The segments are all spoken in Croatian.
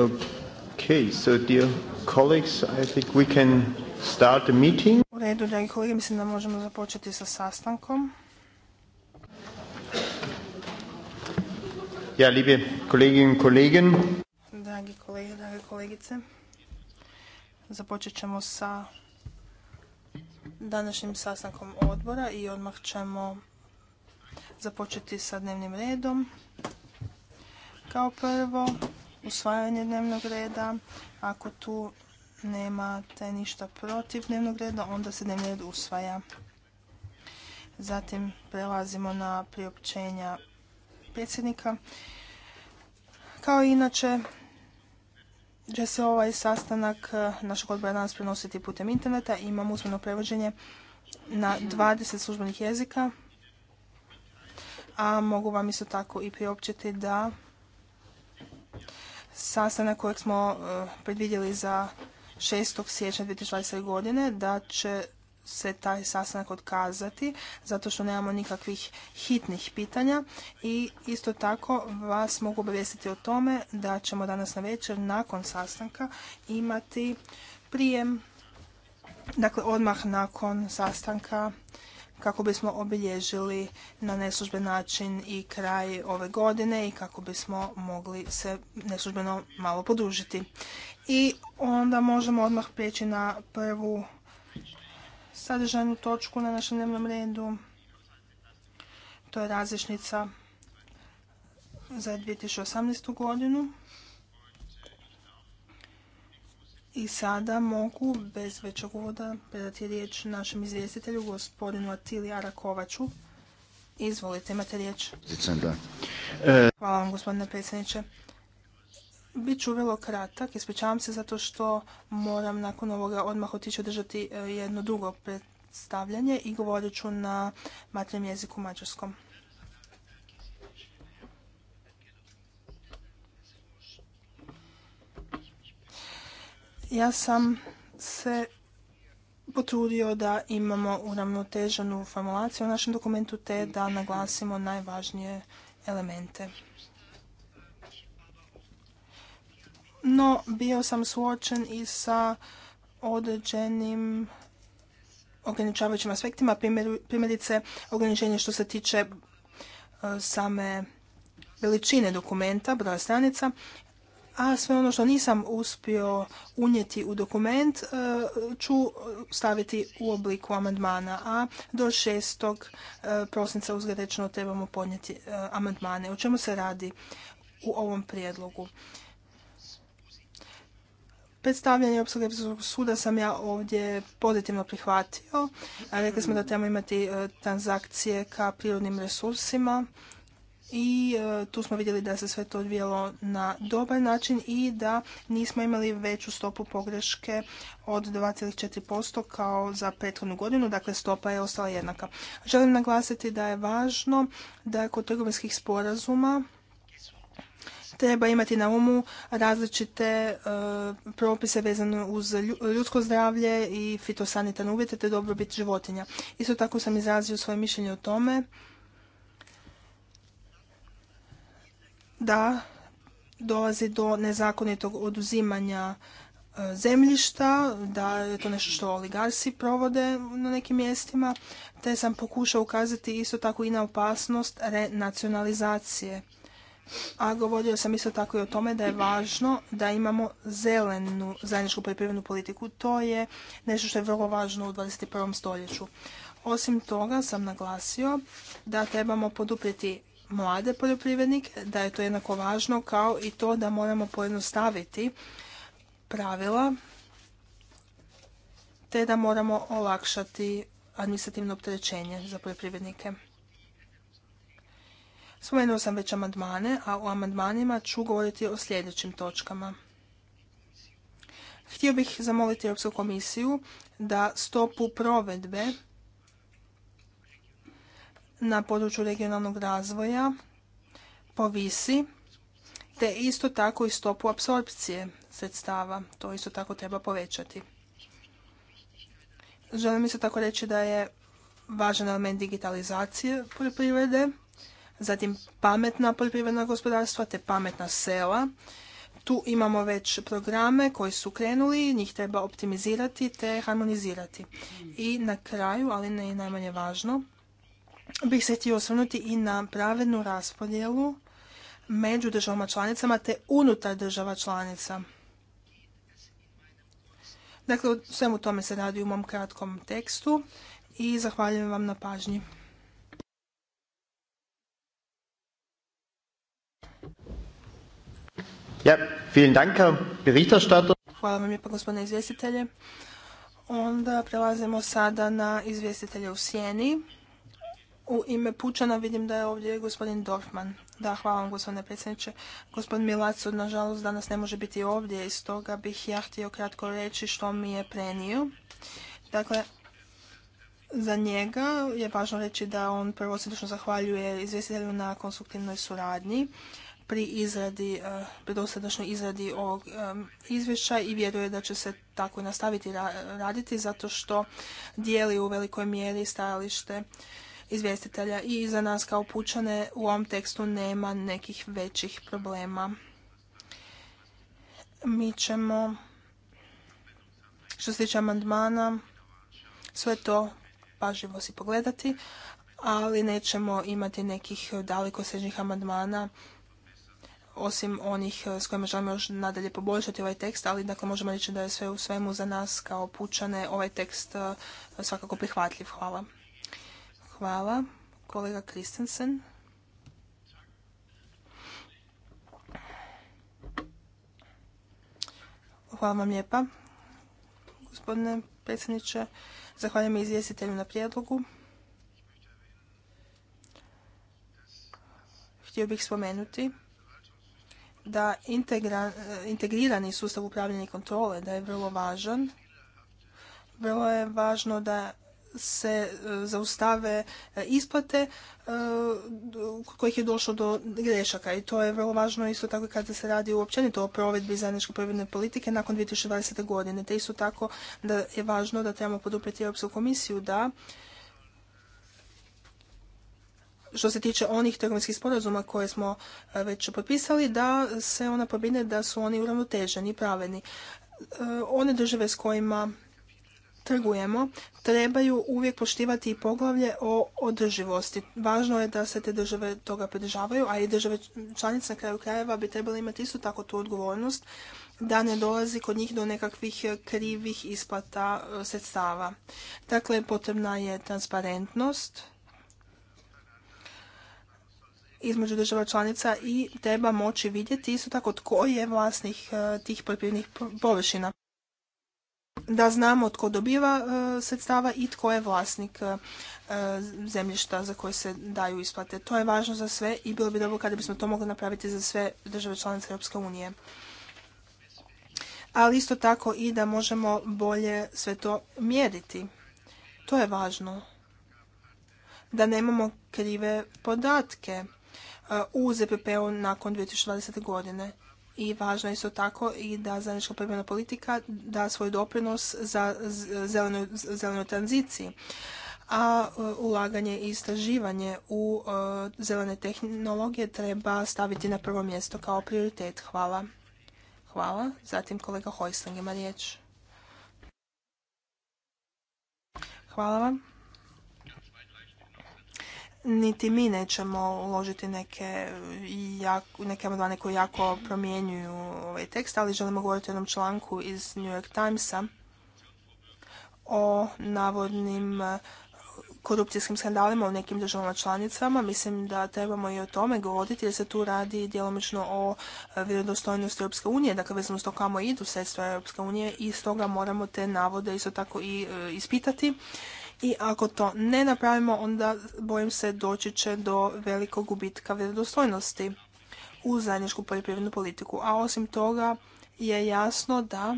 Okay, so dear colleagues, I think we can start the meeting. U redu, dragi kolege, mislim da možemo započeti sa sastankom. Ja, liebe Kolleginnen und Kollegen. Dragi kolege, dragi kolegice, započet ćemo sa današnjim sastankom odbora i odmah ćemo započeti sa dnevnim redom. Kao prvo, usvajanje dnevnog reda. Ako tu nemate ništa protiv dnevnog reda, onda se dnevni red usvaja. Zatim prelazimo na priopćenja predsjednika. Kao i inače, će se ovaj sastanak eh, našeg odbora danas prenositi putem interneta. Imamo usmeno prevođenje na 20 službenih jezika. A mogu vam isto tako i priopćiti da sastanak kojeg smo e, predvidjeli za 6. siječnja 2020. godine da će se taj sastanak odkazati zato što nemamo nikakvih hitnih pitanja i isto tako vas mogu obavijestiti o tome da ćemo danas na večer nakon sastanka imati prijem, dakle odmah nakon sastanka kako bismo obilježili na neslužben način i kraj ove godine i kako bismo mogli se neslužbeno malo podužiti. I onda možemo odmah prijeći na prvu sadržajnu točku na našem dnevnom redu. To je različnica za 2018. godinu. I sada mogu bez većeg uvoda predati riječ našem izvjestitelju, gospodinu Atili Kovaču. Izvolite, imate riječ. E, Hvala vam, gospodine predsjedniče. Biću vrlo kratak, ispričavam se zato što moram nakon ovoga odmah otići održati e, jedno drugo predstavljanje i govorit ću na materijem jeziku mađarskom. Ja sam se potrudio da imamo uravnoteženu formulaciju u našem dokumentu te da naglasimo najvažnije elemente. No, bio sam suočen i sa određenim ograničavajućim aspektima, primjerice ograničenje što se tiče e, same veličine dokumenta, broja stranica, a sve ono što nisam uspio unijeti u dokument e, ću staviti u obliku amandmana, a do 6. E, prosinca uzgledečno trebamo podnijeti e, amandmane. O čemu se radi u ovom prijedlogu? Predstavljanje Europskog suda sam ja ovdje pozitivno prihvatio. Rekli smo da trebamo imati transakcije ka prirodnim resursima i e, tu smo vidjeli da se sve to odvijalo na dobar način i da nismo imali veću stopu pogreške od 2,4% kao za prethodnu godinu, dakle stopa je ostala jednaka. Želim naglasiti da je važno da je kod trgovinskih sporazuma treba imati na umu različite e, propise vezane uz ljudsko zdravlje i fitosanitarne uvjete te dobrobit životinja. Isto tako sam izrazio svoje mišljenje o tome da dolazi do nezakonitog oduzimanja e, zemljišta, da je to nešto što oligarsi provode na nekim mjestima, te sam pokušao ukazati isto tako i na opasnost renacionalizacije. A govorio sam isto tako i o tome da je važno da imamo zelenu zajedničku poljoprivrednu politiku. To je nešto što je vrlo važno u 21. stoljeću. Osim toga sam naglasio da trebamo poduprijeti mlade poljoprivrednike, da je to jednako važno kao i to da moramo pojednostaviti pravila te da moramo olakšati administrativno opterećenje za poljoprivrednike. Spomenuo sam već amandmane, a o amandmanima ću govoriti o sljedećim točkama. Htio bih zamoliti Europsku komisiju da stopu provedbe na području regionalnog razvoja povisi, te isto tako i stopu apsorpcije sredstava. To isto tako treba povećati. Želim isto tako reći da je važan element digitalizacije poljoprivrede, zatim pametna poljoprivredna gospodarstva te pametna sela. Tu imamo već programe koji su krenuli, njih treba optimizirati te harmonizirati. I na kraju, ali ne i najmanje važno, bih se htio osvrnuti i na pravednu raspodjelu među državama članicama te unutar država članica. Dakle, o svemu tome se radi u mom kratkom tekstu i zahvaljujem vam na pažnji. Ja, vielen Dank, Berichterstatter. Hvala vam lijepa gospodine izvjestitelje. Onda prelazimo sada na izvjestitelje u sjeni. U ime Pučana vidim da je ovdje gospodin Dorfman. Da, hvala vam gospodine predsjedniče. Gospodin Milacu, nažalost, danas ne može biti ovdje i stoga bih ja htio kratko reći što mi je prenio. Dakle, za njega je važno reći da on prvo zahvaljuje izvjestitelju na konstruktivnoj suradnji pri izradi, eh, pri dosadašnjoj izradi ovog eh, izvješća i vjeruje da će se tako i nastaviti raditi zato što dijeli u velikoj mjeri stajalište izvjestitelja i za nas kao pučane u ovom tekstu nema nekih većih problema. Mi ćemo, što se tiče amandmana, sve to pažljivo si pogledati, ali nećemo imati nekih dalekosežnih amandmana osim onih eh, s kojima želimo još nadalje poboljšati ovaj tekst, ali dakle možemo reći da je sve u svemu za nas kao pučane ovaj tekst eh, svakako prihvatljiv. Hvala. Hvala. Kolega Kristensen. Hvala vam lijepa, gospodine predsjedniče. Zahvaljujem izvjestitelju na prijedlogu. Htio bih spomenuti da integrirani sustav upravljanja i kontrole da je vrlo važan. Vrlo je važno da se e, zaustave e, isplate e, kojih je došlo do grešaka i to je vrlo važno isto tako kada se radi općenito o provedbi zajedničke poljoprivredne politike nakon 2020. godine. Te isto tako da je važno da trebamo poduprijeti Europsku komisiju da što se tiče onih trgovinskih sporazuma koje smo već potpisali, da se ona pobine da su oni uravnoteženi i pravedni. One države s kojima trgujemo trebaju uvijek poštivati i poglavlje o održivosti. Važno je da se te države toga pridržavaju, a i države članice na kraju krajeva bi trebale imati isto tako tu odgovornost da ne dolazi kod njih do nekakvih krivih isplata e, sredstava. Dakle, potrebna je transparentnost između država članica i treba moći vidjeti isto tako tko je vlasnih e, tih poljoprivrednih površina da znamo tko dobiva e, sredstava i tko je vlasnik e, e, zemljišta za koje se daju isplate. To je važno za sve i bilo bi dobro kada bismo to mogli napraviti za sve države članice Europske unije. Ali isto tako i da možemo bolje sve to mjeriti. To je važno. Da nemamo krive podatke u ZPP-u nakon 2020. godine i važno je isto tako i da zajednička poljoprivredna politika da svoj doprinos za zelenoj, tranziciji a e, ulaganje i istraživanje u e, zelene tehnologije treba staviti na prvo mjesto kao prioritet. Hvala. Hvala. Zatim kolega Hojsling ima riječ. Hvala vam niti mi nećemo uložiti neke, jako, neke amandmane koji jako promjenjuju ovaj tekst, ali želimo govoriti o jednom članku iz New York Timesa o navodnim e, korupcijskim skandalima u nekim državama članicama. Mislim da trebamo i o tome govoriti jer se tu radi djelomično o e, vjerodostojnosti Europske unije, dakle vezano s to kamo idu sredstva Europske unije i stoga moramo te navode isto tako i e, ispitati i ako to ne napravimo, onda bojim se doći će do velikog gubitka vjerodostojnosti u zajedničku poljoprivrednu politiku. A osim toga je jasno da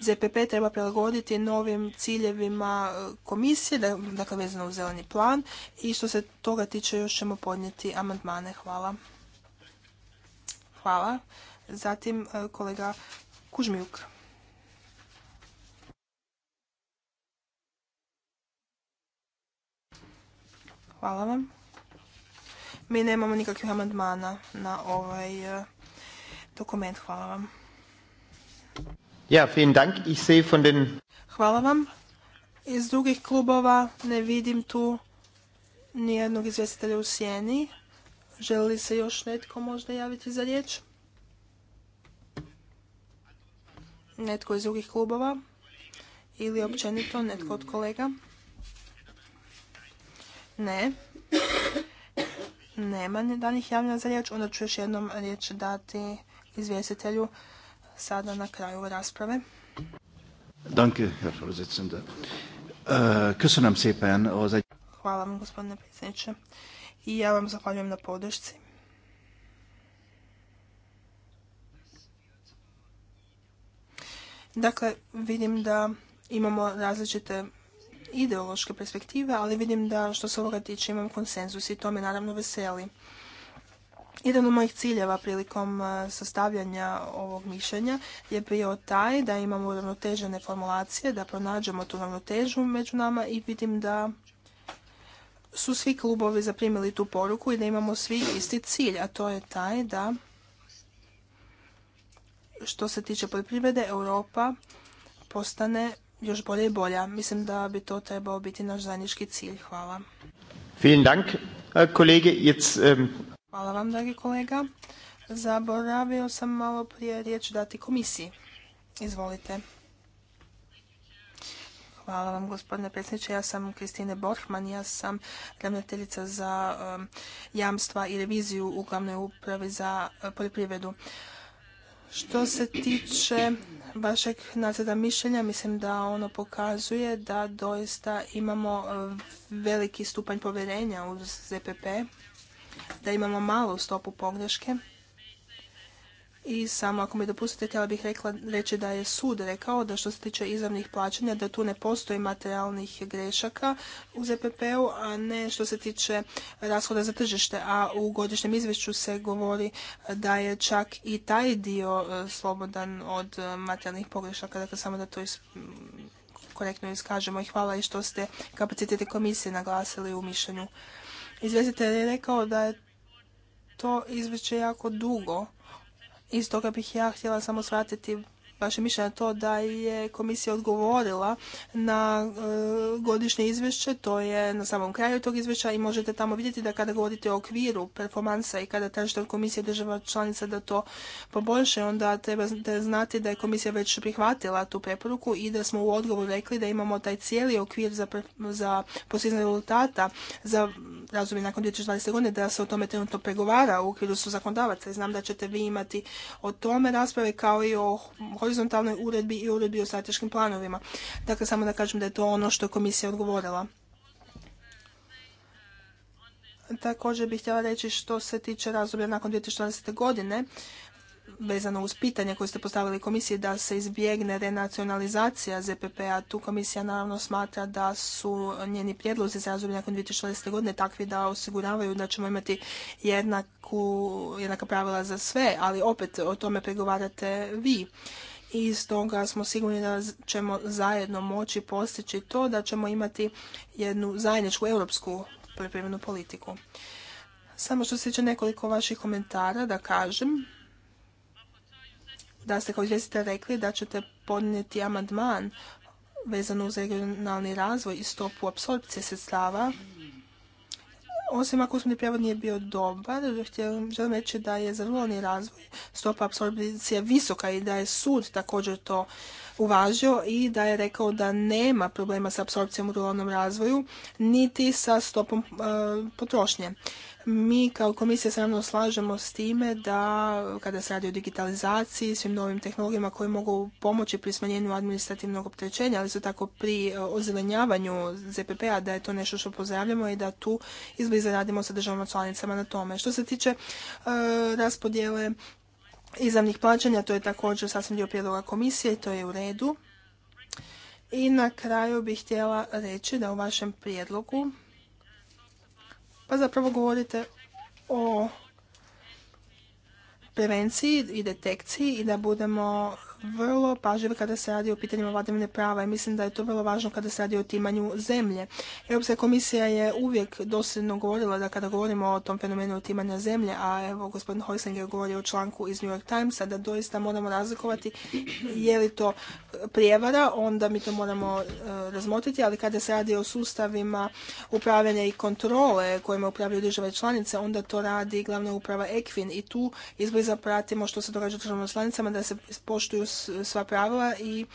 ZPP treba prilagoditi novim ciljevima e, komisije, dakle vezano u zeleni plan i što se toga tiče još ćemo podnijeti amandmane. Hvala. Hvala. Zatim e, kolega Kužmijuk. Hvala vam. Mi nemamo nikakvih amandmana na ovaj e, dokument. Hvala vam. Ja, vielen Dank. Ich sehe von den... Hvala vam. Iz drugih klubova ne vidim tu nijednog izvjestitelja u sjeni. Želi li se još netko možda javiti za riječ? Netko iz drugih klubova? Ili općenito netko od kolega? Ne. Nema danih javljanja za riječ. Onda ću još jednom riječ dati izvjestitelju sada na kraju rasprave. Danke, Herr äh, Hvala vam, gospodine predsjedniče. I ja vam zahvaljujem na podršci. Dakle, vidim da imamo različite ideološke perspektive, ali vidim da što se ovoga tiče imam konsenzus i to me naravno veseli. Jedan od mojih ciljeva prilikom e, sastavljanja ovog mišljenja je bio taj da imamo ravnotežene formulacije, da pronađemo tu ravnotežu među nama i vidim da su svi klubovi zaprimili tu poruku i da imamo svi isti cilj, a to je taj da što se tiče poljoprivrede Europa postane još bolje i bolja. Mislim da bi to trebao biti naš zajednički cilj. Hvala. Vielen Dank, ähm, Hvala vam, dragi kolega. Zaboravio sam malo prije riječ dati komisiji. Izvolite. Hvala vam gospodine predsjedniče. Ja sam Kristine Borhman, ja sam ravnateljica za jamstva i reviziju u glavnoj upravi za e, poljoprivredu. Što se tiče vašeg nacrta mišljenja, mislim da ono pokazuje da doista imamo e, veliki stupanj povjerenja u ZPP, da imamo malu stopu pogreške i samo ako mi dopustite, htjela bih rekla, reći da je sud rekao da što se tiče izravnih plaćanja, da tu ne postoji materijalnih grešaka u ZPP-u, a ne što se tiče rashoda za tržište. A u godišnjem izvješću se govori da je čak i taj dio e, slobodan od e, materijalnih pogrešaka, dakle samo da to is mm, korektno iskažemo i hvala i što ste kapacitete komisije naglasili u mišljenju. Izvjestitelj je rekao da je to izvješće jako dugo iz toga bih ja htjela samo svratiti vaše mišljenje na to da je komisija odgovorila na e, godišnje izvješće, to je na samom kraju tog izvješća i možete tamo vidjeti da kada govorite o okviru performansa i kada tražite od komisije država članica da to poboljše, onda treba znati da je komisija već prihvatila tu preporuku i da smo u odgovoru rekli da imamo taj cijeli okvir za, za postizanje rezultata za razumije nakon 2020. godine, da se o tome trenutno pregovara u okviru su zakondavaca i znam da ćete vi imati o tome rasprave kao i o horizontalnoj uredbi i uredbi o strateškim planovima. Dakle, samo da kažem da je to ono što je komisija odgovorila. Također bih htjela reći što se tiče razdoblja nakon 2020. godine, vezano uz pitanje koje ste postavili komisiji da se izbjegne renacionalizacija ZPP-a. Tu komisija naravno smatra da su njeni prijedlozi za razdoblje nakon 2016. godine takvi da osiguravaju da ćemo imati jednaku, jednaka pravila za sve, ali opet o tome pregovarate vi i toga smo sigurni da ćemo zajedno moći postići to da ćemo imati jednu zajedničku europsku poljoprivrednu politiku. Samo što se tiče nekoliko vaših komentara da kažem da ste kao izvjestitelj rekli da ćete podnijeti amandman vezano uz regionalni razvoj i stopu apsorpcije sredstava osim ako usmeni prijevod nije bio dobar, želim reći da je za ruralni razvoj stopa apsorpcije visoka i da je sud također to uvažio i da je rekao da nema problema sa apsorpcijom u ruralnom razvoju, niti sa stopom e, potrošnje. Mi kao komisija se naravno slažemo s time da kada se radi o digitalizaciji, svim novim tehnologijama koje mogu pomoći pri smanjenju administrativnog opterećenja, ali isto tako pri e, ozelenjavanju ZPP-a, da je to nešto što pozdravljamo i da tu izbliza radimo sa državama članicama na tome. Što se tiče e, raspodjele izravnih plaćanja, to je također sasvim dio prijedloga komisije i to je u redu. I na kraju bih htjela reći da u vašem prijedlogu pa zapravo govorite o prevenciji i detekciji i da budemo vrlo pažljivi kada se radi o pitanjima vladavine prava i mislim da je to vrlo važno kada se radi o timanju zemlje. Europska komisija je uvijek dosljedno govorila da kada govorimo o tom fenomenu otimanja zemlje, a evo gospodin je govori o članku iz New York Timesa, da doista moramo razlikovati je li to prijevara, onda mi to moramo e, razmotriti, ali kada se radi o sustavima upravljanja i kontrole kojima upravljaju države članice, onda to radi glavna uprava ekvin i tu izbliza pratimo što se događa u državama članicama da se poštuju sva pravila i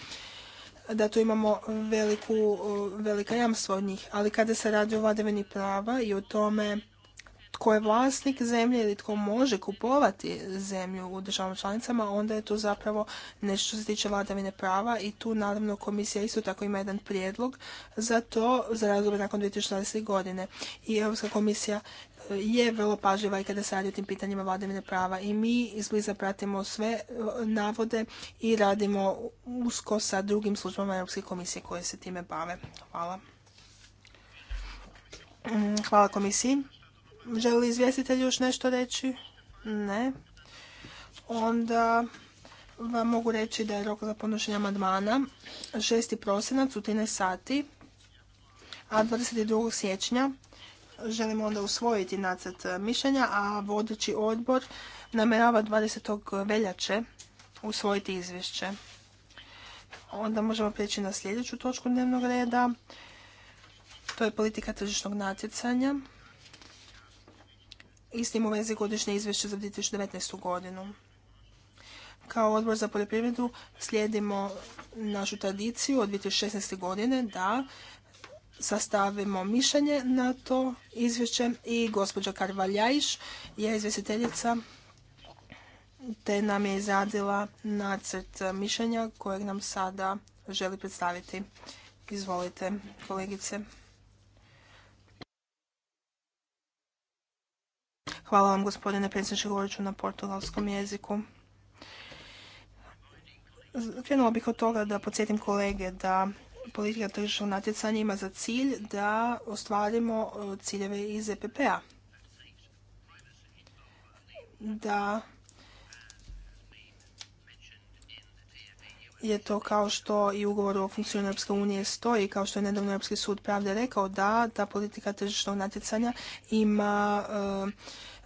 da tu imamo veliku, velika jamstva od njih. Ali kada se radi o vladavini prava i o tome tko je vlasnik zemlje ili tko može kupovati zemlju u državama članicama, onda je to zapravo nešto što se tiče vladavine prava i tu naravno komisija isto tako ima jedan prijedlog za to za razdoblje nakon 2020. godine. I Europska komisija je vrlo pažljiva i kada se radi o tim pitanjima vladavine prava. I mi izbliza pratimo sve e, navode i radimo usko sa drugim službama Europske komisije koje se time bave. Hvala. Mm, hvala komisiji. Želi li izvjestitelj još nešto reći? Ne. Onda vam mogu reći da je rok za podnošenje amandmana 6. prosinac u 13 sati, a 22. siječnja želimo onda usvojiti nacrt e, mišljenja, a vodeći odbor namjerava 20. veljače usvojiti izvješće. Onda možemo prijeći na sljedeću točku dnevnog reda. To je politika tržišnog natjecanja. I u vezi godišnje izvješće za 2019. godinu. Kao odbor za poljoprivredu slijedimo našu tradiciju od 2016. godine da sastavimo mišljenje na to izvješće i gospođa Karvaljajš je izvjestiteljica te nam je izradila nacrt mišljenja kojeg nam sada želi predstaviti. Izvolite, kolegice. Hvala vam, gospodine predsjedniče, govorit na portugalskom jeziku. Krenula bih od toga da podsjetim kolege da politika tržišnog natjecanja ima za cilj da ostvarimo e, ciljeve iz EPP-a. Da je to kao što i ugovor o funkcioniranju Europske unije stoji, kao što je nedavno Europski sud pravde rekao da ta politika tržišnog natjecanja ima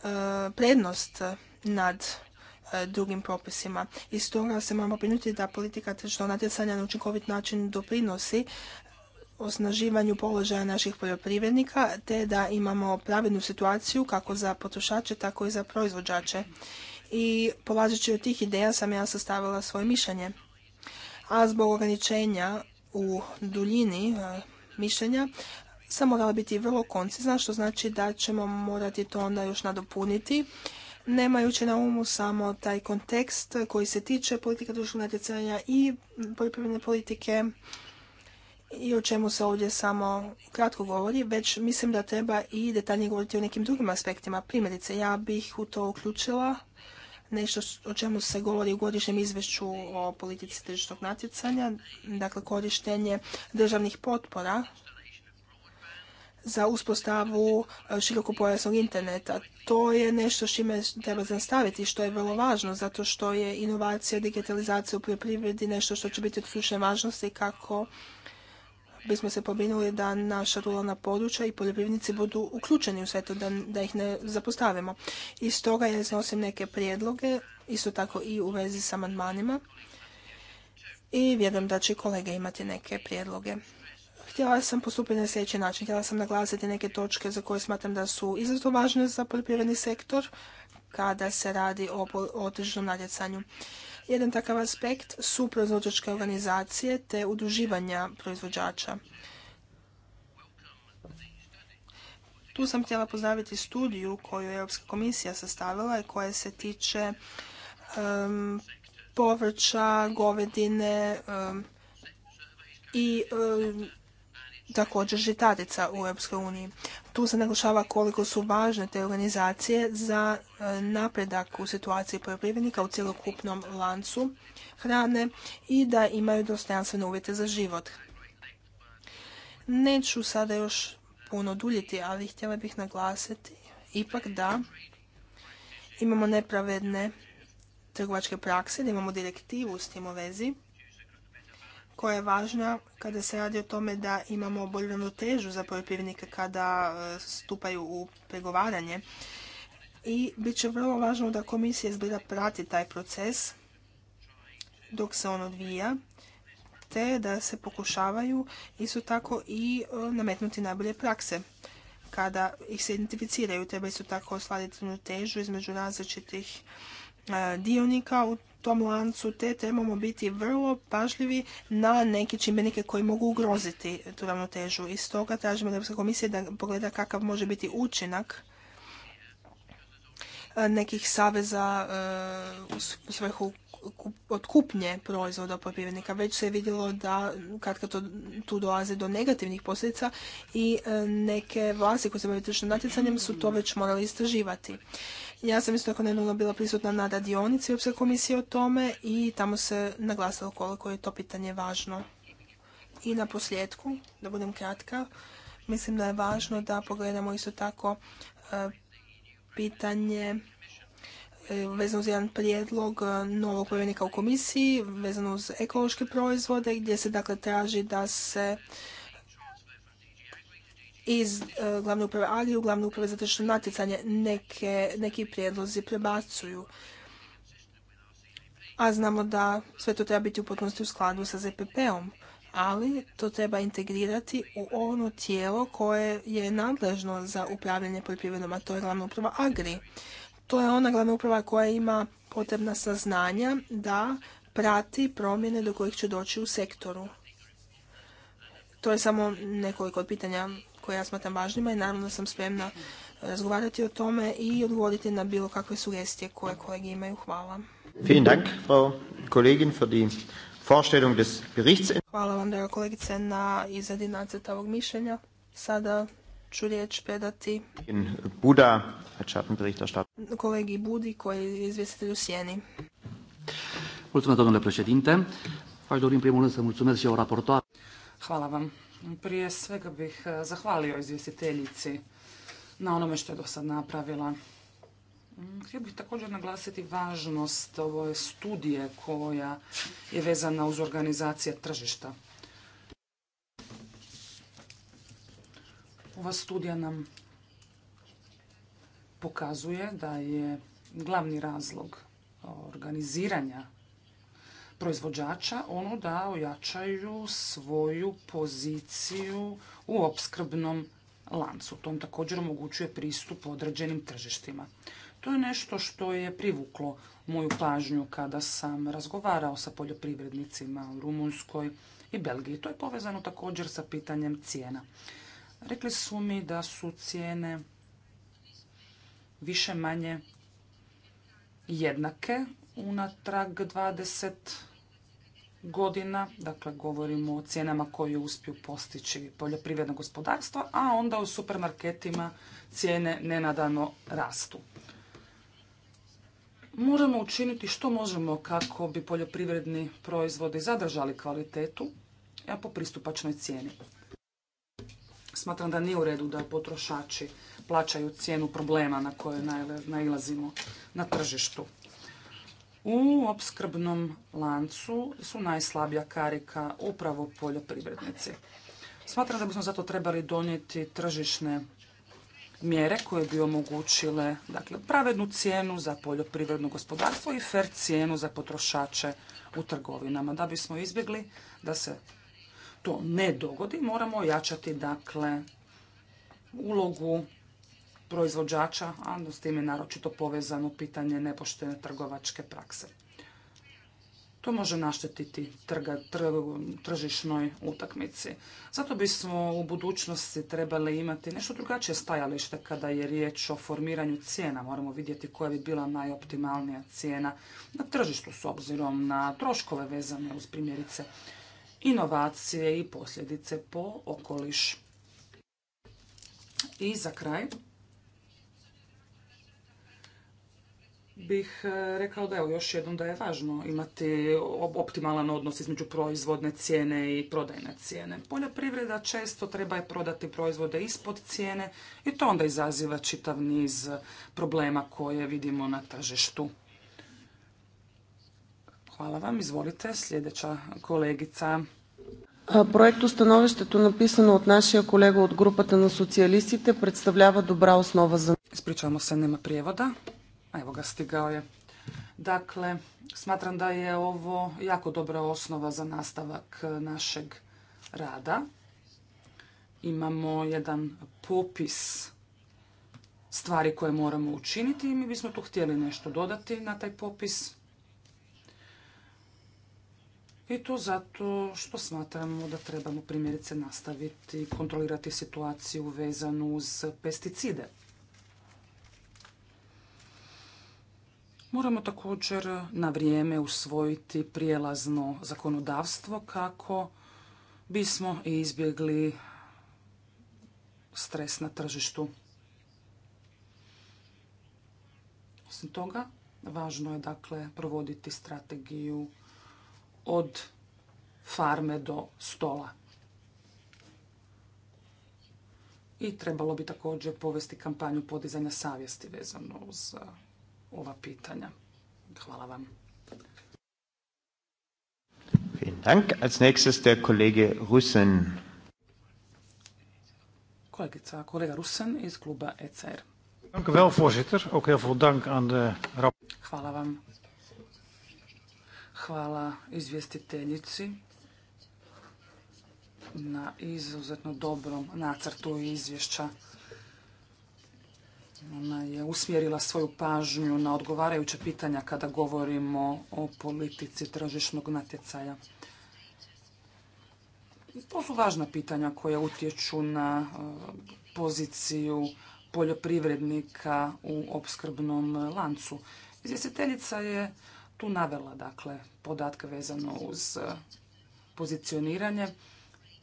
e, e, prednost nad E, drugim propisima. I toga se moramo brinuti da politika tržišnog natjecanja na učinkovit način doprinosi osnaživanju položaja naših poljoprivrednika te da imamo pravednu situaciju kako za potrošače tako i za proizvođače. I polažeći od tih ideja sam ja sastavila svoje mišljenje. A zbog ograničenja u duljini e, mišljenja sam morala biti vrlo koncizna, što znači da ćemo morati to onda još nadopuniti nemajući na umu samo taj kontekst koji se tiče politika društvenog natjecanja i poljoprivredne politike i o čemu se ovdje samo kratko govori, već mislim da treba i detaljnije govoriti o nekim drugim aspektima. Primjerice, ja bih u to uključila nešto o čemu se govori u godišnjem izvješću o politici tržišnog natjecanja, dakle korištenje državnih potpora za uspostavu e, širokopojasnog interneta. To je nešto s čime treba zastaviti, što je vrlo važno, zato što je inovacija, digitalizacija u poljoprivredi nešto što će biti od ključne važnosti kako bismo se pobinuli da naša ruralna područja i poljoprivrednici budu uključeni u sve to, da, ih ne zapostavimo. I stoga ja iznosim neke prijedloge, isto tako i u vezi s amandmanima. I vjerujem da će kolege imati neke prijedloge. Htjela sam postupiti na sljedeći način. Htjela sam naglasiti neke točke za koje smatram da su izuzetno važne za poljoprivredni sektor kada se radi o, otežnom tržišnom natjecanju. Jedan takav aspekt su proizvođačke organizacije te udruživanja proizvođača. Tu sam htjela pozdraviti studiju koju je Europska komisija sastavila i koja se tiče povrća, govedine i također žitarica u EU. Tu se naglašava koliko su važne te organizacije za e, napredak u situaciji poljoprivrednika u cjelokupnom lancu hrane i da imaju dostojanstvene uvjete za život. Neću sada još puno duljiti, ali htjela bih naglasiti ipak da imamo nepravedne trgovačke prakse, da imamo direktivu s tim u vezi koja je važna kada se radi o tome da imamo bolju ravnotežu za poljoprivrednike kada e, stupaju u pregovaranje. I bit će vrlo važno da komisija zbilja prati taj proces dok se on odvija, te da se pokušavaju isto tako i e, nametnuti najbolje prakse kada ih se identificiraju. Treba isto tako osladiti težu između različitih e, dionika u tom lancu, te trebamo biti vrlo pažljivi na neke čimbenike koji mogu ugroziti tu ravnotežu. I stoga tražimo Europska komisija da pogleda kakav može biti učinak e, nekih saveza e, u svrhu od proizvoda poljoprivrednika. Već se je vidjelo da kad, to, tu dolaze do negativnih posljedica i e, neke vlasti koje se bavaju tržišnim natjecanjem su to već morali istraživati. Ja sam isto tako nedavno bila prisutna na radionici Europske komisije o tome i tamo se naglasilo koliko je to pitanje važno. I na posljedku, da budem kratka, mislim da je važno da pogledamo isto tako e, pitanje e, vezano uz jedan prijedlog e, novog povjerenika u komisiji, vezano uz ekološke proizvode, gdje se dakle traži da se iz e, glavne uprave ali i u glavne uprave za tržišno natjecanje neke, neki prijedlozi prebacuju. A znamo da sve to treba biti u potpunosti u skladu sa ZPP-om, ali to treba integrirati u ono tijelo koje je nadležno za upravljanje poljoprivredom, a to je glavna uprava Agri. To je ona glavna uprava koja ima potrebna saznanja da prati promjene do kojih će doći u sektoru. To je samo nekoliko od pitanja koje ja smatram važnima i naravno da sam spremna e, razgovarati o tome i odgovoriti na bilo kakve sugestije koje kolege imaju. Hvala. Hvala vam, draga kolegice, na izradi nacrta ovog mišljenja. Sada ću riječ predati Buda, kolegi Budi koji je izvjestitelj u Sjeni. Mulțumesc, domnule președinte. Aș dori primul rând să mulțumesc și eu raportoare. Hvala vam. Prije svega bih e, zahvalio izvjestiteljici na onome što je do sad napravila. Mm, htio bih također naglasiti važnost ove studije koja je vezana uz organizacije tržišta. Ova studija nam pokazuje da je glavni razlog organiziranja proizvođača ono da ojačaju svoju poziciju u opskrbnom lancu. To također omogućuje pristup određenim tržištima. To je nešto što je privuklo moju pažnju kada sam razgovarao sa poljoprivrednicima u Rumunjskoj i Belgiji. To je povezano također sa pitanjem cijena. Rekli su mi da su cijene više manje jednake unatrag 20 godina, dakle govorimo o cijenama koje uspiju postići poljoprivredno gospodarstva, a onda u supermarketima cijene nenadano rastu. Moramo učiniti što možemo kako bi poljoprivredni proizvodi zadržali kvalitetu, a po pristupačnoj cijeni. Smatram da nije u redu da potrošači plaćaju cijenu problema na koje nailazimo na tržištu. U opskrbnom lancu su najslabija karika upravo poljoprivrednici. Smatram da bismo zato trebali donijeti tržišne mjere koje bi omogućile dakle, pravednu cijenu za poljoprivredno gospodarstvo i fer cijenu za potrošače u trgovinama. Da bismo izbjegli da se to ne dogodi, moramo ojačati dakle, ulogu proizvođača, a s tim je naročito povezano pitanje nepoštene trgovačke prakse. To može naštetiti tržišnoj utakmici. Zato bismo u budućnosti trebali imati nešto drugačije stajalište kada je riječ o formiranju cijena. Moramo vidjeti koja bi bila najoptimalnija cijena na tržištu s obzirom na troškove vezane uz primjerice inovacije i posljedice po okoliš. I za kraj, bih e, rekao da evo još jednom da je važno imati optimalan odnos između proizvodne cijene i prodajne cijene. Poljoprivreda često treba je prodati proizvode ispod cijene i to onda izaziva čitav niz problema koje vidimo na tržištu. Hvala vam, izvolite, sljedeća kolegica. ustanovište tu napisano od нашия kolega od групата na socijalistite predstavljava dobra osnova za... Ispričavamo se, nema prijevoda. Evo ga, stigao je. Dakle, smatram da je ovo jako dobra osnova za nastavak e, našeg rada. Imamo jedan popis stvari koje moramo učiniti i mi bismo tu htjeli nešto dodati na taj popis. I to zato što smatramo da trebamo primjerice nastaviti kontrolirati situaciju vezanu uz pesticide. Moramo također na vrijeme usvojiti prijelazno zakonodavstvo kako bismo izbjegli stres na tržištu. Osim toga, važno je dakle provoditi strategiju od farme do stola. I trebalo bi također povesti kampanju podizanja savjesti vezano uz ova pitanja. Hvala vam. Vielen Dank. Als nächstes der Kollege Russen. Kolegica, kolega Russen iz kluba ECR. Dank u wel, voorzitter. Ook heel veel dank aan de Hvala vam. Hvala izvjestiteljici na izuzetno dobrom nacrtu izvješća. Ona je usmjerila svoju pažnju na odgovarajuća pitanja kada govorimo o politici tržišnog natjecaja. To su važna pitanja koja utječu na e, poziciju poljoprivrednika u opskrbnom lancu. Izvjestiteljica je tu navela dakle podatke vezano uz e, pozicioniranje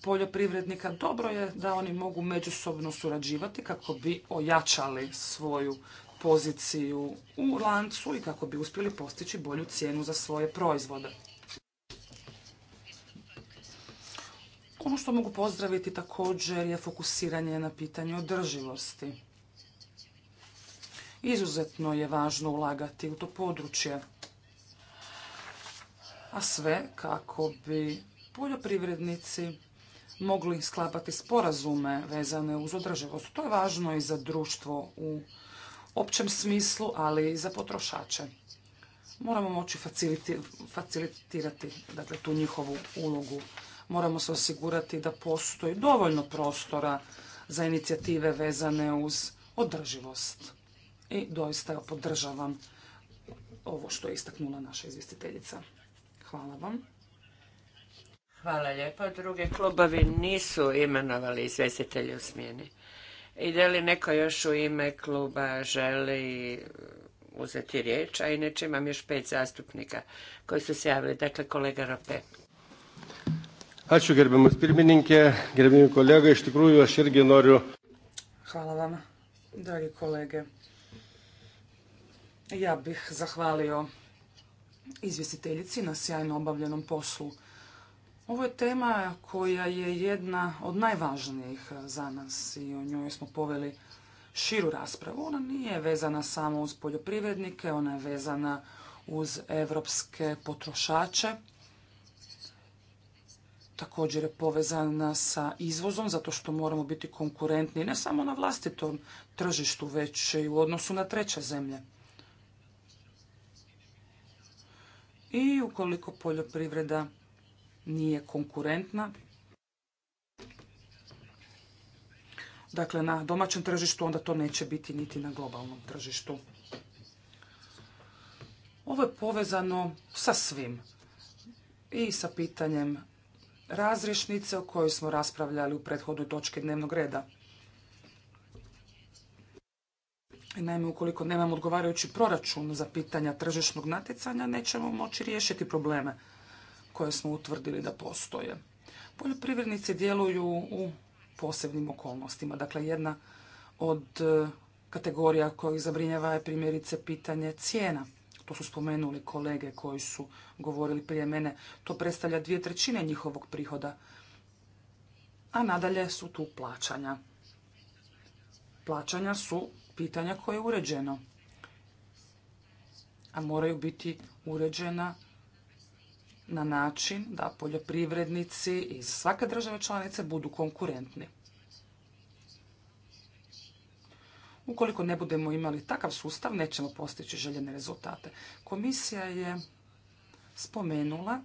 poljoprivrednika. Dobro je da oni mogu međusobno surađivati kako bi ojačali svoju poziciju u lancu i kako bi uspjeli postići bolju cijenu za svoje proizvode. Ono što mogu pozdraviti također je fokusiranje na pitanje održivosti. Izuzetno je važno ulagati u to područje, a sve kako bi poljoprivrednici mogli sklapati sporazume vezane uz održivost. To je važno i za društvo u općem smislu, ali i za potrošače. Moramo moći facilitirati dakle, tu njihovu ulogu. Moramo se osigurati da postoji dovoljno prostora za inicijative vezane uz održivost. I doista podržavam ovo što je istaknula naša izvjestiteljica. Hvala vam. Hvala lijepa. Drugi klubovi nisu imenovali izvjestitelji u smjeni. I da li neko još u ime kluba želi uzeti riječ, a inače imam još pet zastupnika koji su se javili. Dakle, kolega Rope. Ačiū kolega, noriu. Hvala vam, dragi kolege. Ja bih zahvalio izvjestiteljici na sjajno obavljenom poslu. Ovo je tema koja je jedna od najvažnijih za nas i o njoj smo poveli širu raspravu. Ona nije vezana samo uz poljoprivrednike, ona je vezana uz evropske potrošače. Također je povezana sa izvozom, zato što moramo biti konkurentni ne samo na vlastitom tržištu, već i u odnosu na treće zemlje. I ukoliko poljoprivreda nije konkurentna. Dakle, na domaćem tržištu onda to neće biti niti na globalnom tržištu. Ovo je povezano sa svim i sa pitanjem razrišnice o kojoj smo raspravljali u prethodnoj točki dnevnog reda. Naime, ukoliko nemamo odgovarajući proračun za pitanja tržišnog natjecanja, nećemo moći riješiti probleme koje smo utvrdili da postoje. Poljoprivrednici djeluju u posebnim okolnostima. Dakle, jedna od e, kategorija kojih zabrinjava je primjerice pitanje cijena. To su spomenuli kolege koji su govorili prije mene. To predstavlja dvije trećine njihovog prihoda. A nadalje su tu plaćanja. Plaćanja su pitanja koje je uređeno. A moraju biti uređena na način da poljoprivrednici iz svake države članice budu konkurentni. Ukoliko ne budemo imali takav sustav, nećemo postići željene rezultate. Komisija je spomenula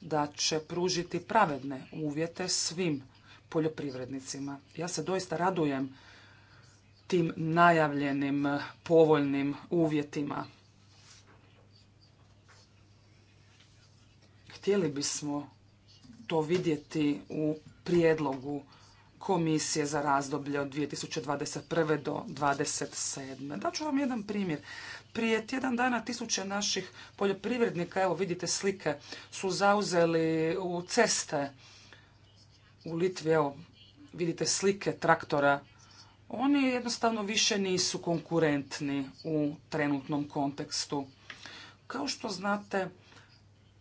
da će pružiti pravedne uvjete svim poljoprivrednicima. Ja se doista radujem tim najavljenim povoljnim uvjetima Htjeli bismo to vidjeti u prijedlogu komisije za razdoblje od 2021. do 2027. Daću vam jedan primjer. Prije tjedan dana tisuće naših poljoprivrednika, evo vidite slike, su zauzeli u ceste u Litvi, evo vidite slike traktora. Oni jednostavno više nisu konkurentni u trenutnom kontekstu. Kao što znate,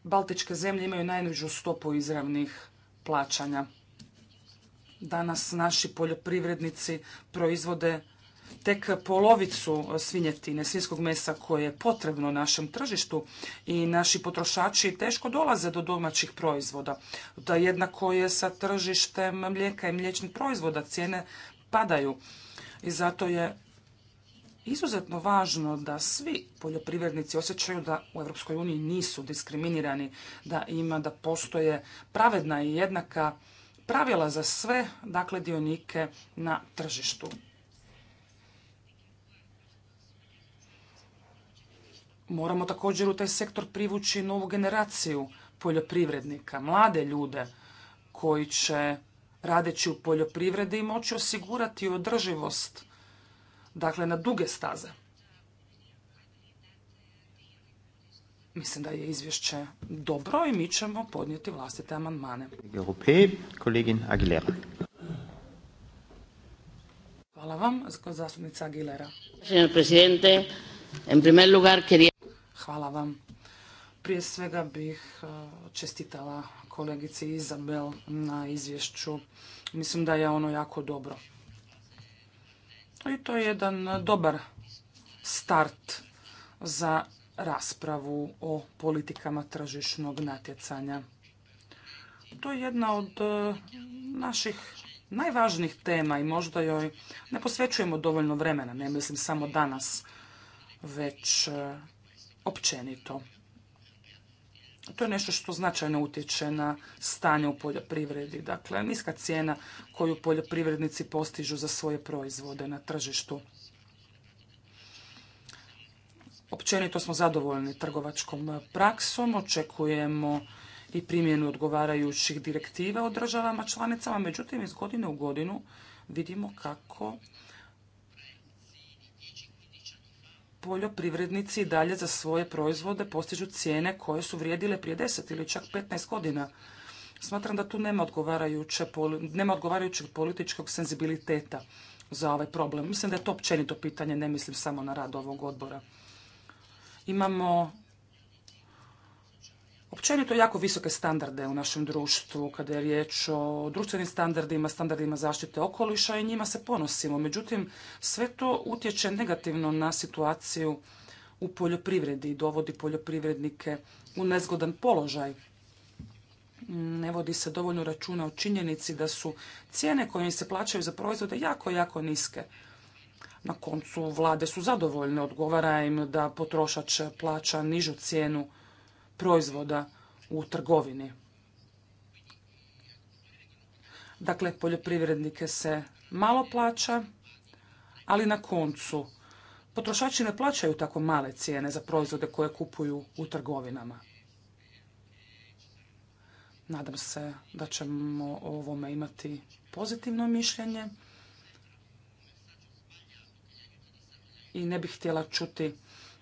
Baltičke zemlje imaju najnižu stopu izravnih plaćanja. Danas naši poljoprivrednici proizvode tek polovicu svinjetine, svinjskog mesa koje je potrebno našem tržištu i naši potrošači teško dolaze do domaćih proizvoda. Da jednako je sa tržištem mlijeka i mliječnih proizvoda, cijene padaju i zato je izuzetno važno da svi poljoprivrednici osjećaju da u EU nisu diskriminirani, da ima, da postoje pravedna i jednaka pravila za sve, dakle, dionike na tržištu. Moramo također u taj sektor privući novu generaciju poljoprivrednika, mlade ljude koji će radeći u poljoprivredi moći osigurati održivost dakle na duge staze. Mislim da je izvješće dobro i mi ćemo podnijeti vlastite amandmane. Hvala vam, zastupnica Aguilera. Hvala vam. Prije svega bih eh, čestitala kolegici Izabel na izvješću. Mislim da je ono jako dobro. I to je jedan dobar start za raspravu o politikama tržišnog natjecanja. To je jedna od e, naših najvažnijih tema i možda joj ne posvećujemo dovoljno vremena, ne mislim samo danas, već e, općenito. To je nešto što značajno utječe na stanje u poljoprivredi. Dakle, niska cijena koju poljoprivrednici postižu za svoje proizvode na tržištu. Općenito smo zadovoljni trgovačkom praksom, očekujemo i primjenu odgovarajućih direktiva od državama članicama, međutim iz godine u godinu vidimo kako poljoprivrednici dalje za svoje proizvode postižu cijene koje su vrijedile prije 10 ili čak 15 godina. Smatram da tu nema, nema odgovarajućeg političkog senzibiliteta za ovaj problem. Mislim da je to općenito pitanje, ne mislim samo na rad ovog odbora. Imamo općenito jako visoke standarde u našem društvu kada je riječ o društvenim standardima, standardima zaštite okoliša i njima se ponosimo. Međutim, sve to utječe negativno na situaciju u poljoprivredi i dovodi poljoprivrednike u nezgodan položaj. Ne vodi se dovoljno računa o činjenici da su cijene koje im se plaćaju za proizvode jako, jako niske. Na koncu vlade su zadovoljne, odgovara im da potrošač plaća nižu cijenu proizvoda u trgovini. Dakle, poljoprivrednike se malo plaća, ali na koncu potrošači ne plaćaju tako male cijene za proizvode koje kupuju u trgovinama. Nadam se da ćemo o ovome imati pozitivno mišljenje i ne bih htjela čuti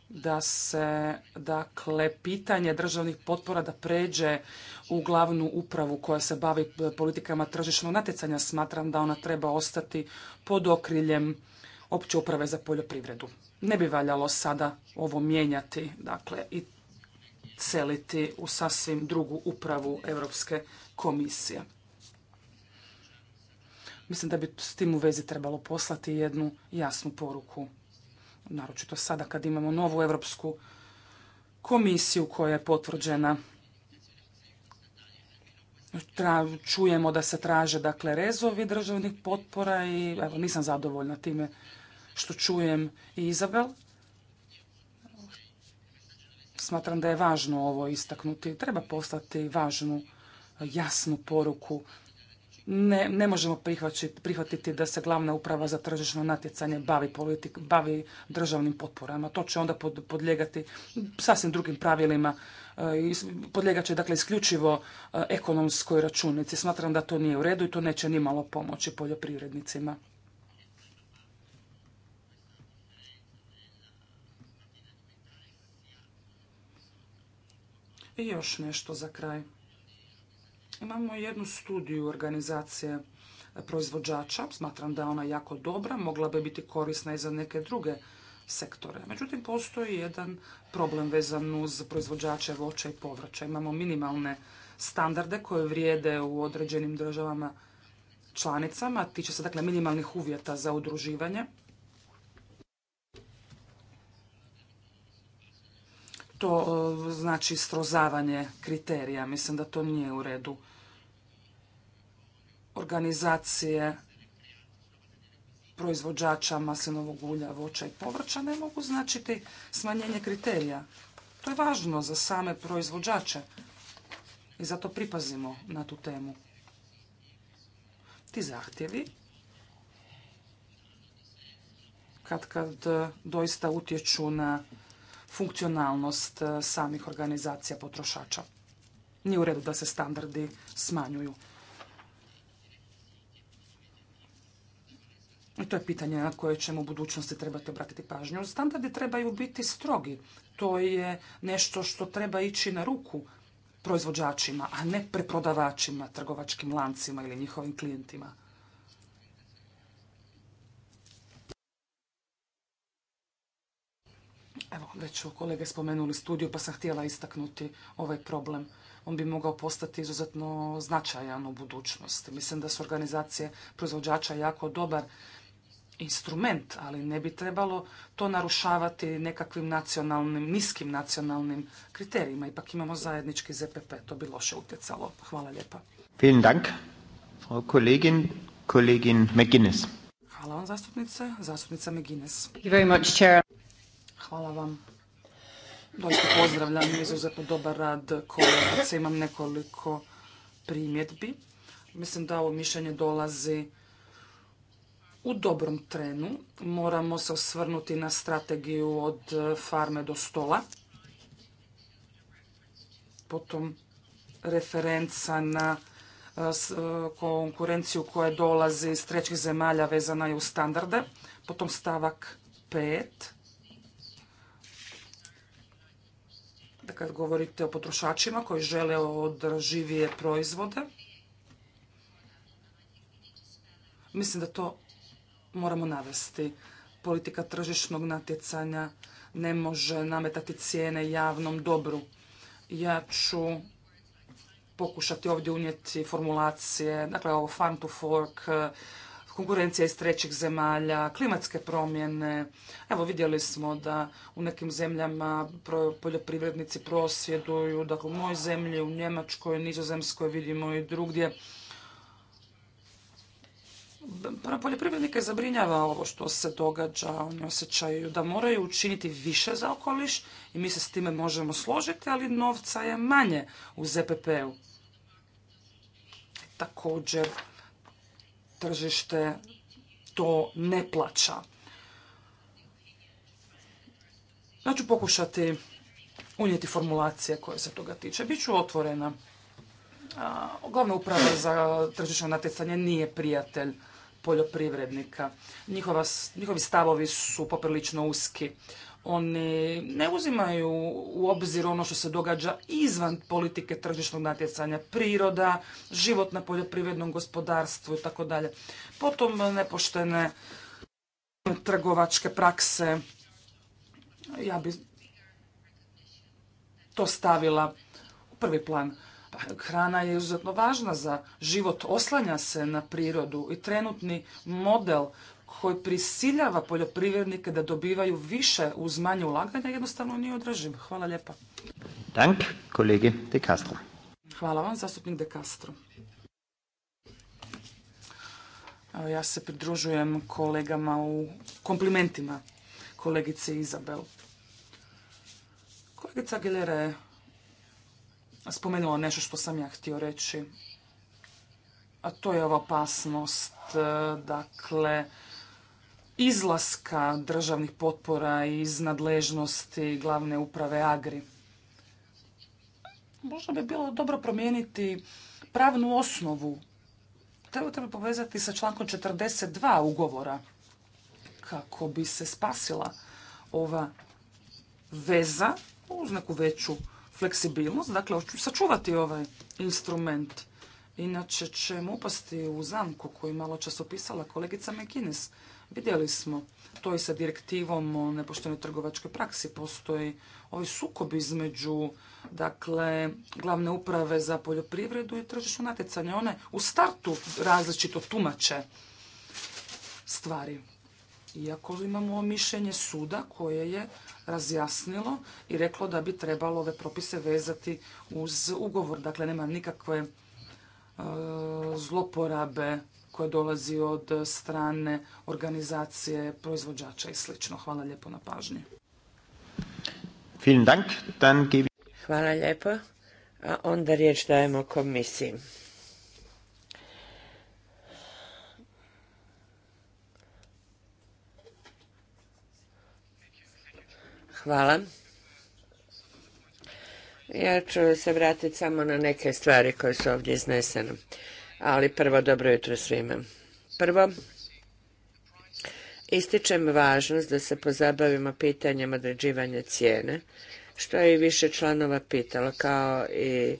da se dakle pitanje državnih potpora da pređe u glavnu upravu koja se bavi e, politikama tržišnog natjecanja. Smatram da ona treba ostati pod okriljem opće uprave za poljoprivredu. Ne bi valjalo sada ovo mijenjati dakle, i seliti u sasvim drugu upravu Europske komisije. Mislim da bi s tim u vezi trebalo poslati jednu jasnu poruku naročito sada kad imamo novu Europsku komisiju koja je potvrđena. čujemo da se traže dakle rezovi državnih potpora i evo, nisam zadovoljna time što čujem i Izabel. Smatram da je važno ovo istaknuti. Treba poslati važnu, jasnu poruku ne, ne možemo prihvatiti da se glavna uprava za tržišno natjecanje bavi, politik, bavi državnim potporama. To će onda pod, podlijegati sasvim drugim pravilima e, podlijegat će dakle isključivo e, ekonomskoj računici. Smatram da to nije u redu i to neće ni malo pomoći poljoprivrednicima. I još nešto za kraj. Imamo jednu studiju organizacije proizvođača, smatram da je ona jako dobra, mogla bi biti korisna i za neke druge sektore. Međutim, postoji jedan problem vezan uz proizvođače voća i povrća. Imamo minimalne standarde koje vrijede u određenim državama članicama, tiče se dakle minimalnih uvjeta za udruživanje. to e, znači strozavanje kriterija. Mislim da to nije u redu. Organizacije proizvođača maslinovog ulja, voća i povrća ne mogu značiti smanjenje kriterija. To je važno za same proizvođače i zato pripazimo na tu temu. Ti zahtjevi kad kad e, doista utječu na funkcionalnost eh, samih organizacija potrošača. Nije u redu da se standardi smanjuju. I to je pitanje na koje ćemo u budućnosti trebati obratiti pažnju. Standardi trebaju biti strogi. To je nešto što treba ići na ruku proizvođačima, a ne preprodavačima, trgovačkim lancima ili njihovim klijentima. Evo, već su kolege spomenuli studiju, pa sam htjela istaknuti ovaj problem. On bi mogao postati izuzetno značajan u budućnosti. Mislim da su organizacije proizvođača jako dobar instrument, ali ne bi trebalo to narušavati nekakvim nacionalnim, niskim nacionalnim kriterijima. Ipak imamo zajednički ZPP, to bi loše utjecalo. Hvala lijepa. Vielen Dank, Frau Kollegin, Kollegin Hvala vam zastupnice, zastupnica Hvala vam. Dobro pozdravljam izuzetno dobar rad kolegice. Imam nekoliko primjedbi. Mislim da ovo mišljenje dolazi u dobrom trenu. Moramo se osvrnuti na strategiju od farme do stola. Potom referenca na e, e, konkurenciju koja dolazi iz trećih zemalja vezana je u standarde. Potom stavak 5 da kad govorite o potrošačima koji žele održivije proizvode, mislim da to moramo navesti. Politika tržišnog natjecanja ne može nametati cijene javnom dobru. Ja ću pokušati ovdje unijeti formulacije, dakle ovo farm to fork, konkurencija iz trećih zemalja, klimatske promjene. Evo vidjeli smo da u nekim zemljama poljoprivrednici prosvjeduju, dakle u mojoj zemlji, u Njemačkoj, Nizozemskoj vidimo i drugdje. Poljoprivrednike zabrinjava ovo što se događa, oni osjećaju da moraju učiniti više za okoliš i mi se s time možemo složiti, ali novca je manje u ZPP-u. Također, tržište to ne plaća. Ja ću pokušati unijeti formulacije koje se toga tiče. Biću otvorena. Glavna uprava za tržišno natjecanje nije prijatelj poljoprivrednika. njihovi stavovi su poprilično uski. Oni ne uzimaju u obzir ono što se događa izvan politike tržišnog natjecanja, priroda, život na poljoprivrednom gospodarstvu i tako dalje. Potom nepoštene trgovačke prakse. Ja bi to stavila u prvi plan. Pa, hrana je izuzetno važna za život, oslanja se na prirodu i trenutni model koji prisiljava poljoprivrednike da dobivaju više uz manje ulaganja jednostavno nije održiv. Hvala lijepa. Dank, kolege De Castro. Hvala vam, zastupnik De Castro. Ja se pridružujem kolegama u komplimentima kolegice Izabel. Kolegica Aguilera je spomenula nešto što sam ja htio reći. A to je ova opasnost, e, dakle, izlaska državnih potpora iz nadležnosti glavne uprave Agri. Možda bi bilo dobro promijeniti pravnu osnovu. Treba treba povezati sa člankom 42 ugovora kako bi se spasila ova veza uz neku veću fleksibilnost. Dakle, sačuvati ovaj instrument. Inače ćemo upasti u zamku koju malo čas opisala kolegica Mekines. Vidjeli smo to i sa direktivom o nepoštenoj trgovačkoj praksi. Postoji ovaj sukob između dakle, glavne uprave za poljoprivredu i tržišno natjecanje. One u startu različito tumače stvari. Iako imamo mišljenje suda koje je razjasnilo i reklo da bi trebalo ove propise vezati uz ugovor. Dakle, nema nikakve e, zloporabe koja dolazi od strane organizacije proizvođača i sl. Hvala lijepo na pažnji. Hvala lijepo. A onda riječ dajemo komisiji. Hvala. Ja ću se vratiti samo na neke stvari koje su ovdje iznesene ali prvo dobro jutro svima. Prvo, ističem važnost da se pozabavimo pitanjem određivanja cijene, što je i više članova pitalo, kao i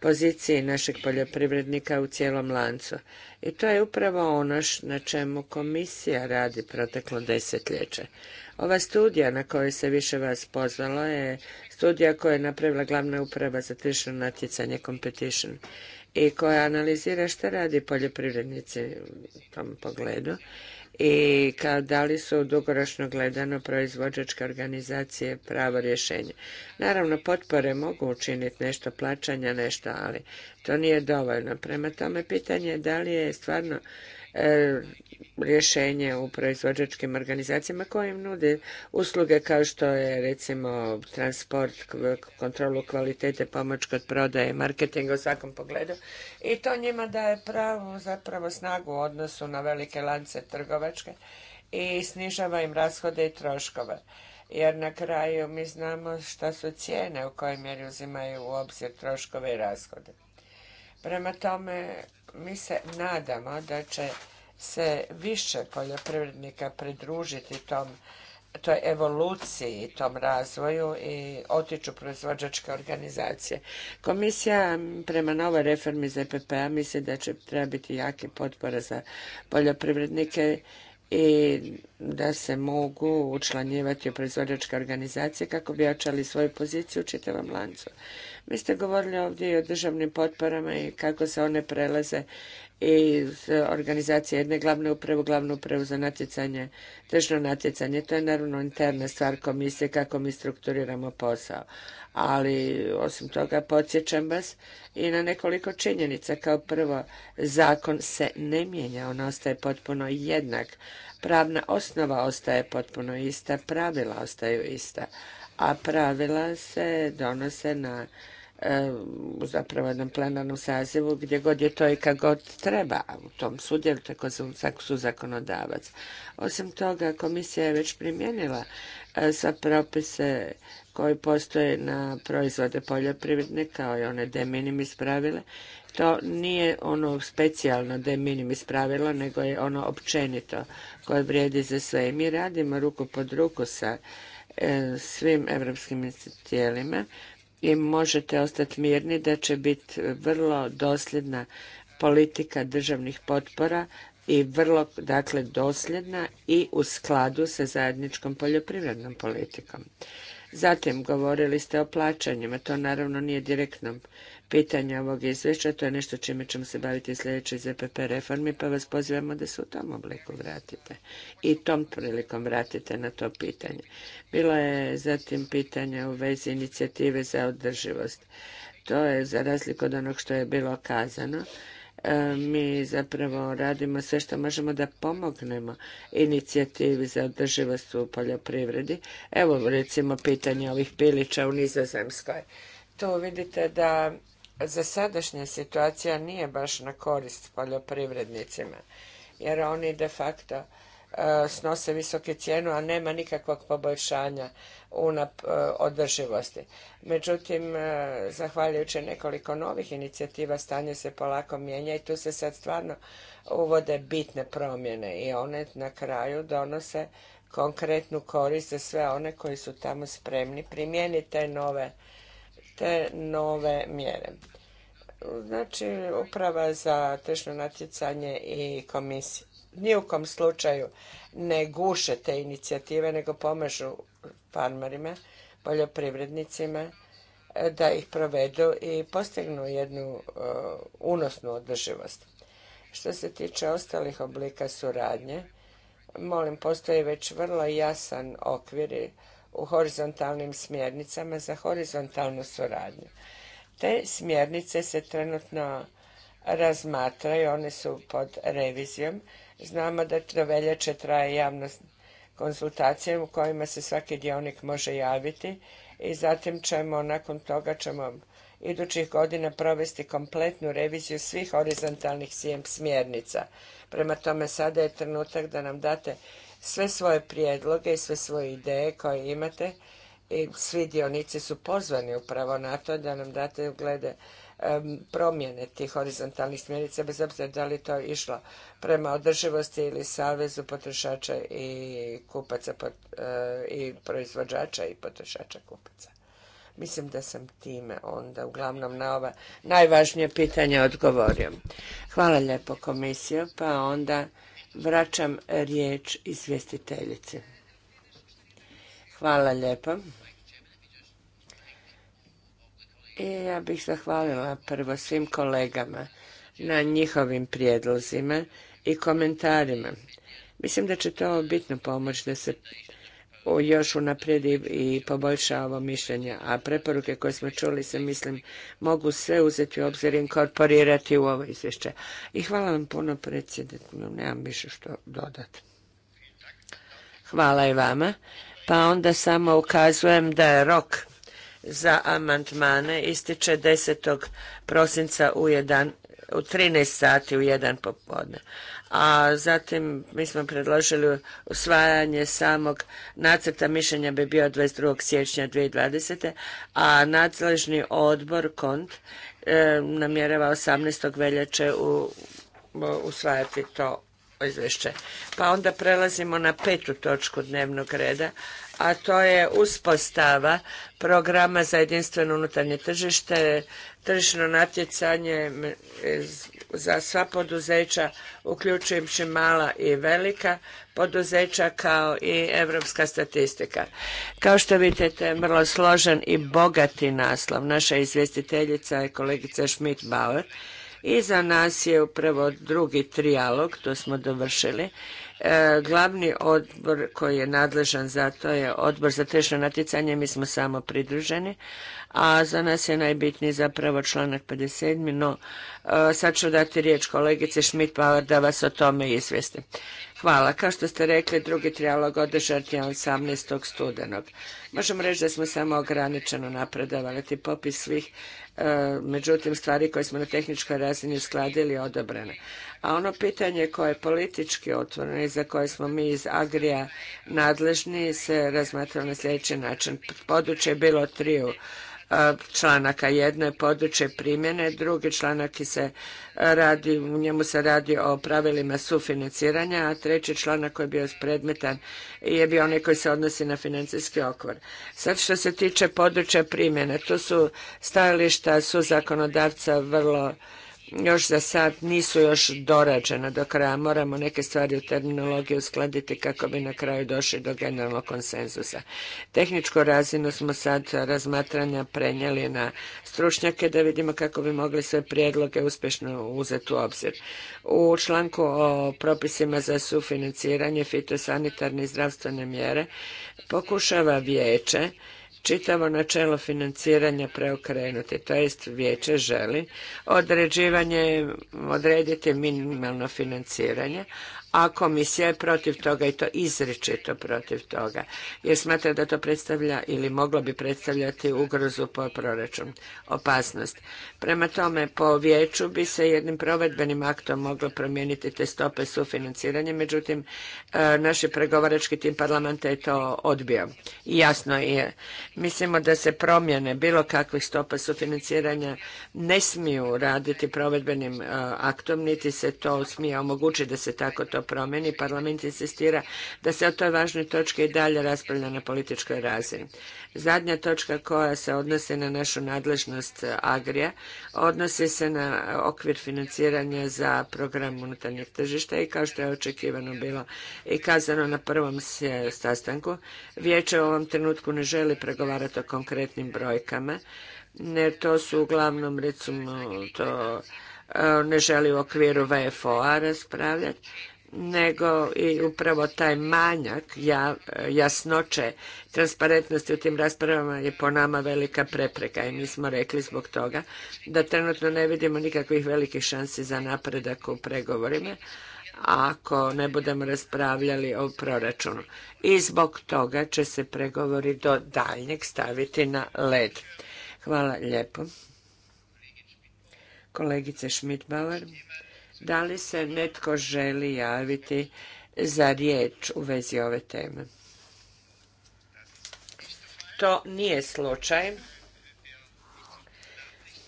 poziciji našeg poljoprivrednika u cijelom lancu. I to je upravo ono na čemu komisija radi proteklo desetljeće. Ova studija na kojoj se više vas pozvalo je studija koja je napravila glavna uprava za tržišno natjecanje Competition i koja analizira što radi poljoprivrednici u tom pogledu i da li su dugoročno gledano proizvođačke organizacije pravo rješenje. Naravno, potpore mogu učiniti nešto, plaćanja nešto, ali to nije dovoljno. Prema tome, pitanje je da li je stvarno E, rješenje u proizvođačkim organizacijama koje im nude usluge kao što je recimo transport, kontrolu kvalitete, pomoć kod prodaje, marketing u svakom pogledu i to njima daje pravu zapravo snagu u odnosu na velike lance trgovačke i snižava im rashode i troškove. Jer na kraju mi znamo šta su cijene u kojoj mjeri uzimaju u obzir troškove i rashode. Prema tome, mi se nadamo da će se više poljoprivrednika pridružiti tom toj evoluciji, tom razvoju i otiču proizvođačke organizacije. Komisija prema novoj reformi ZPP-a misli da će treba biti jake potpore za poljoprivrednike i da se mogu učlanjivati u proizvođačke organizacije kako bi jačali svoju poziciju u čitavom lancu. Vi ste govorili ovdje i o državnim potporama i kako se one prelaze iz organizacije jedne glavne uprave glavnu upravu za natjecanje, tržno natjecanje. To je naravno interna stvar komisije kako mi strukturiramo posao. Ali osim toga podsjećam vas i na nekoliko činjenica. Kao prvo, zakon se ne mijenja, on ostaje potpuno jednak. Pravna osnova ostaje potpuno ista, pravila ostaju ista a pravila se donose na zapravo jednom plenarnom sazivu gdje god je to i kad god treba u tom sudjelu tako su zakonodavac. Osim toga, komisija je već primjenila e, sa propise koji postoje na proizvode poljoprivredne kao i one de minimis pravile. To nije ono specijalno de minimis pravilo, nego je ono općenito koje vrijedi za sve. I mi radimo ruku pod ruku sa svim evropskim tijelima i možete ostati mirni da će biti vrlo dosljedna politika državnih potpora i vrlo dakle dosljedna i u skladu sa zajedničkom poljoprivrednom politikom. Zatim govorili ste o plaćanjima, to naravno nije direktno pitanja ovog izvješća. To je nešto čime ćemo se baviti u sljedećoj ZPP reformi, pa vas pozivamo da se u tom obliku vratite i tom prilikom vratite na to pitanje. Bilo je zatim pitanje u vezi inicijative za održivost. To je za razliku od onog što je bilo kazano e, mi zapravo radimo sve što možemo da pomognemo inicijativi za održivost u poljoprivredi. Evo recimo pitanje ovih pilića u Nizozemskoj. Tu vidite da za sadašnja situacija nije baš na korist poljoprivrednicima, jer oni de facto e, snose visoke cijenu, a nema nikakvog poboljšanja u e, održivosti. Međutim, e, zahvaljujući nekoliko novih inicijativa, stanje se polako mijenja i tu se sad stvarno uvode bitne promjene i one na kraju donose konkretnu korist za sve one koji su tamo spremni primijeniti te nove nove mjere. Znači, uprava za tržno natjecanje i komisije. Nijukom slučaju ne guše te inicijative, nego pomažu farmarima, poljoprivrednicima e, da ih provedu i postignu jednu e, unosnu održivost. Što se tiče ostalih oblika suradnje, molim, postoji već vrlo jasan okvir u horizontalnim smjernicama za horizontalnu suradnju. Te smjernice se trenutno razmatraju, one su pod revizijom. Znamo da do veljače traje javna konzultacija u kojima se svaki dionik može javiti i zatim ćemo, nakon toga ćemo idućih godina provesti kompletnu reviziju svih horizontalnih smjernica. Prema tome, sada je trenutak da nam date sve svoje prijedloge i sve svoje ideje koje imate i svi dionici su pozvani upravo na to da nam date glede promjene tih horizontalnih smjerica bez obzira da li to išlo prema održivosti ili savezu potrošača i kupaca eh, i proizvođača i potrošača kupaca. Mislim da sam time onda uglavnom na ova najvažnija pitanja odgovorio. Hvala lijepo komisiju, pa onda vraćam riječ izvjestiteljice. Hvala lijepo. I ja bih zahvalila prvo svim kolegama na njihovim prijedlozima i komentarima. Mislim da će to bitno pomoći da se još unaprijedi i poboljša ovo mišljenje. A preporuke koje smo čuli se, mislim, mogu sve uzeti u obzir i inkorporirati u ovo izvješće. I hvala vam puno predsjednik. nemam više što dodati. Hvala i vama. Pa onda samo ukazujem da je rok za amandmane ističe 10. prosinca u 1 u 13 sati u jedan popodne. A zatim mi smo predložili usvajanje samog nacrta mišljenja bi bio 22. siječnja 2020. a nadležni odbor KONT e, namjerava 18. veljače usvajati to izvješće. Pa onda prelazimo na petu točku dnevnog reda, a to je uspostava programa za jedinstveno unutarnje tržište tržišno natjecanje za sva poduzeća, uključujući mala i velika poduzeća, kao i europska statistika. Kao što vidite, to vrlo složen i bogati naslov. Naša izvjestiteljica je kolegica Schmidt-Bauer i za nas je upravo drugi trijalog, to smo dovršili. E, glavni odbor koji je nadležan za to je odbor za tešno natjecanje, mi smo samo pridruženi, a za nas je najbitniji zapravo članak 57. No, e, sad ću dati riječ kolegice Schmidt pa da vas o tome izvijeste. Hvala. Kao što ste rekli, drugi trijalog održat je 18. studenog. Možemo reći da smo samo ograničeno napredovali ti popis svih, e, međutim, stvari koje smo na tehničkoj razini uskladili odobrene. A ono pitanje koje je politički otvoreno i za koje smo mi iz Agrija nadležni se razmatralo na sljedeći način. Područje je bilo triju e, članaka. Jedno je područje primjene, drugi članak se radi, u njemu se radi o pravilima sufinanciranja, a treći članak koji je bio predmetan je bio onaj koji se odnosi na financijski okvir. Sad što se tiče područja primjene, tu su stajališta su zakonodavca vrlo još za sad nisu još dorađena do kraja. Moramo neke stvari u terminologiji uskladiti kako bi na kraju došli do generalnog konsenzusa. Tehničku razinu smo sad razmatranja prenijeli na stručnjake da vidimo kako bi mogli sve prijedloge uspješno uzeti u obzir. U članku o propisima za sufinanciranje fitosanitarne i zdravstvene mjere pokušava vijeće čitavo načelo financiranja preokrenuti, to jest vijeće želi određivanje, odrediti minimalno financiranje, a komisija je protiv toga i to izričito protiv toga, jer smatra da to predstavlja ili moglo bi predstavljati ugrozu po proračun, opasnost. Prema tome, po vijeću bi se jednim provedbenim aktom moglo promijeniti te stope sufinanciranja, međutim, e, naši pregovarački tim parlamenta je to odbio. jasno je, mislimo da se promjene bilo kakvih stopa sufinanciranja ne smiju raditi provedbenim e, aktom, niti se to smije omogućiti da se tako to to Parlament insistira da se o toj važnoj točki i dalje raspravlja na političkoj razini. Zadnja točka koja se odnosi na našu nadležnost Agrija odnosi se na okvir financiranja za program unutarnjeg tržišta i kao što je očekivano bilo i kazano na prvom sastanku, vijeće u ovom trenutku ne želi pregovarati o konkretnim brojkama, jer to su uglavnom recimo to e, ne želi u okviru VFO-a raspravljati, nego i upravo taj manjak jasnoće, transparentnosti u tim raspravama je po nama velika prepreka i mi smo rekli zbog toga da trenutno ne vidimo nikakvih velikih šansi za napredak u pregovorima ako ne budemo raspravljali o proračunu. I zbog toga će se pregovori do daljnjeg staviti na led. Hvala lijepo. Kolegice Schmidbauer. Da li se netko želi javiti za riječ u vezi ove teme? To nije slučaj.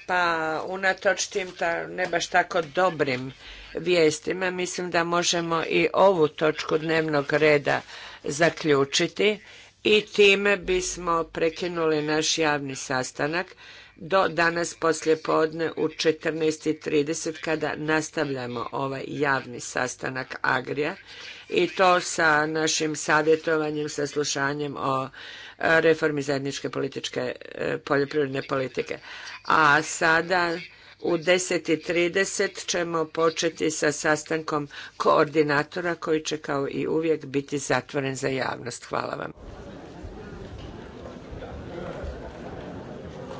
Pa unatoč tim ne baš tako dobrim vijestima, mislim da možemo i ovu točku dnevnog reda zaključiti i time bismo prekinuli naš javni sastanak do danas poslje podne u 14.30 kada nastavljamo ovaj javni sastanak Agrija i to sa našim savjetovanjem, saslušanjem o e, reformi zajedničke političke, e, poljoprivredne politike. A sada u 10.30 ćemo početi sa sastankom koordinatora koji će kao i uvijek biti zatvoren za javnost. Hvala vam.